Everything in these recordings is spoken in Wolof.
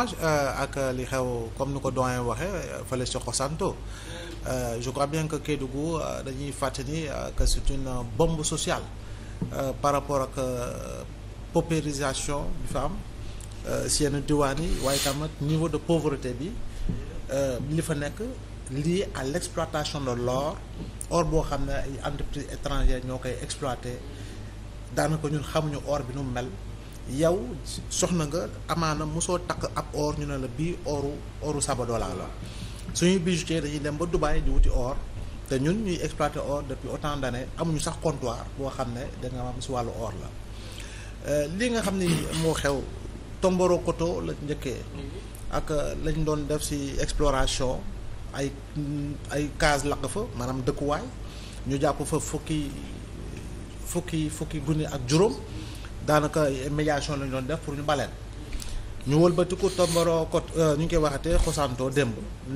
Euh, ak euh, li xew comme ni ko doyen waxee euh, fële ci Xosanto je crois bien que Kédougou dañuy fàttali que c'est une bombe sociale euh, par rapport ak paupérisation bi fa am si yenn diwaan yi waaye tamit niveau de pauvreté bi li fa nekk lié à l'exploitation de l'or or boo xam ne ay entreprises étrangères ñoo koy exploité daanaka ñun xamuñu or bi nu mel yow soxna nga amaana mosoo takk ab or ñu ne la bii oru oru Sabodala la suñuy bijoutier dañuy dem ba Dubaï di wuti or te ñun ñuy exploiter or depuis autant d'années amuñu sax comptoir boo xam ne danga nga am si wàllu or la euh, li nga xam ne moo xew Tomboronkoto la njëkkee ak euh, lañ doon def si exploration ay ay case lakk fa maanaam dëkkuwaay ñu jàpp fa fukki fukki fukki gune ak juróom daanaka médiation lañu doon def pour ñu baleen ñu wëlbatiku tomboro kot euh, ñu ngi koy waxatee xosantoo démb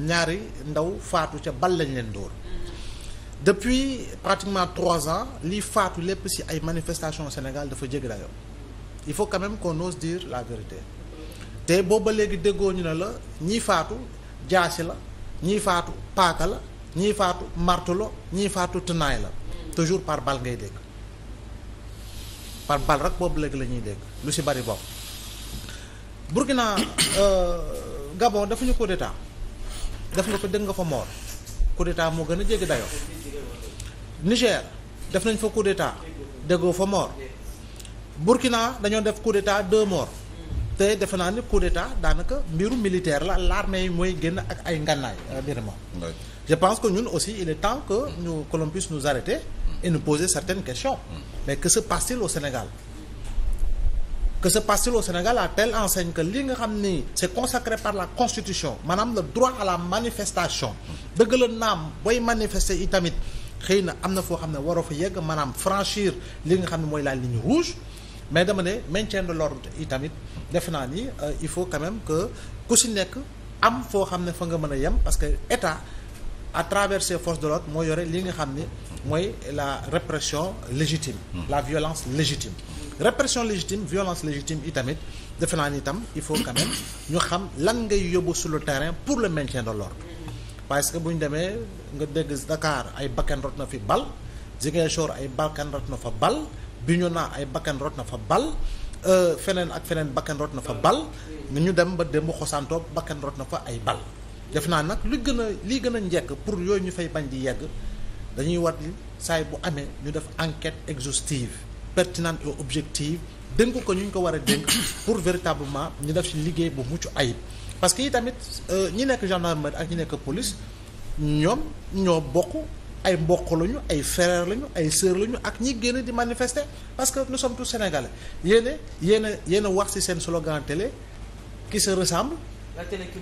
ñaari ndaw faatu ca bal lañ leen dóor depuis pratiquement trois ans lii faatu lépp ci ay manifestation Sénégal dafa jéggi dayoo il faut quand même qu'on ose la vérité te booba léegi déggoo ñu ne la ñii faatu jaasi la ñii faatu paaka la ñii faatu marto ñii faatu tënaay la toujours par bal ngay dégg par bal rek boobu léegi la ñuy dégg lu si bari bopp Burkina euh, Gabon dafa ñu coup d'état def nga ko dégg nga fa moor coup d'état moo gën a jéggi dayo Niger def nañ fa coup d'état déggoo fa moor Burkina dañoo def coup d'état deux morts te defe naa ni coup d'état daanaka mbiru militaire la l'armée yi mooy génn ak ay ngànnaay euh, mbir ma je pense que ñun aussi il est temps que ñu que l'on puisse et nous poser certaines questions. Mm. mais que se passe t au Sénégal que se passe t au Sénégal à telle enseigne que li nga xam ni c'est consacré par la constitution maanaam le droit à la manifestation dëgg mm. la naam booy manifester i tamit xëy na am na foo xam ne waroo fa yegg maanaam franchir li nga xam ne mooy la ligne rouge mais dama ne maintien de l'ordre i tamit defe naa ni euh, il faut quand même que ku si nekk am foo xam ne fa nga mën a yem parce que état à travers ses de l'ordre moo yore li nga xam ni mooy la répression légitime la violence légitime répression légitime violence légitime itamit defe naa ni itam il faut quand même ñu xam lan ngay yóbbu su le terrain pour le maintien de l'ordre parce que bu ñu demee nga dégg Dakar ay bakkan rot na fi bal Ziguinchor ay bakkan rot na fa bal naa ay bakkan rot na fa bal euh, feneen ak feneen bakkan rot na fa bal ñu dem ba démb xosaantoo bakkan rot na fa ay bal def naa nag lu gën a lii gën a njëkk pour yooyu ñu fay bañ di yegg dañuy war ni saay bu amee ñu def enquête exhaustive pertinente et objective dénk ko ñu ñu ko war a dénk pour véritablement ñu def ci liggéey bu mucc ayib parce que yi tamit euh, ñi nekk gendarmerie ak ñi nekk police ñoom ñoo bokk ay mbokk lañu ay frère lañu ay sœur lañu ak ñi génn di manifester parce que nous sommes tous sénégalais yéena yéena yéena wax ci seen slogan télé qui se ressemble la télé qui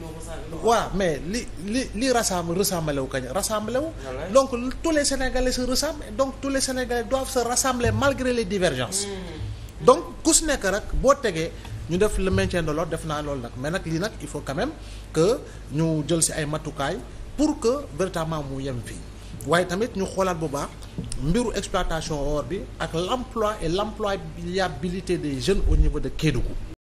mais li li li rassemble rassemblé wu kañ rassemblé wu. Ah donc tous les sénégalais se rassemblent donc tous les sénégalais doivent se rassembler hmm. donc ku si nekk rek boo tegee ñu def le maintien de l'ordre def naa loolu nag mais nag li nag il faut quand même que ñu jël si ay matukaay pour que véritablement mu yem fii. waaye tamit ñu xoolaat bu baax mbiru exploitation or bi ak l'emploi et l'employabilité des jeunes au niveau de Kédougou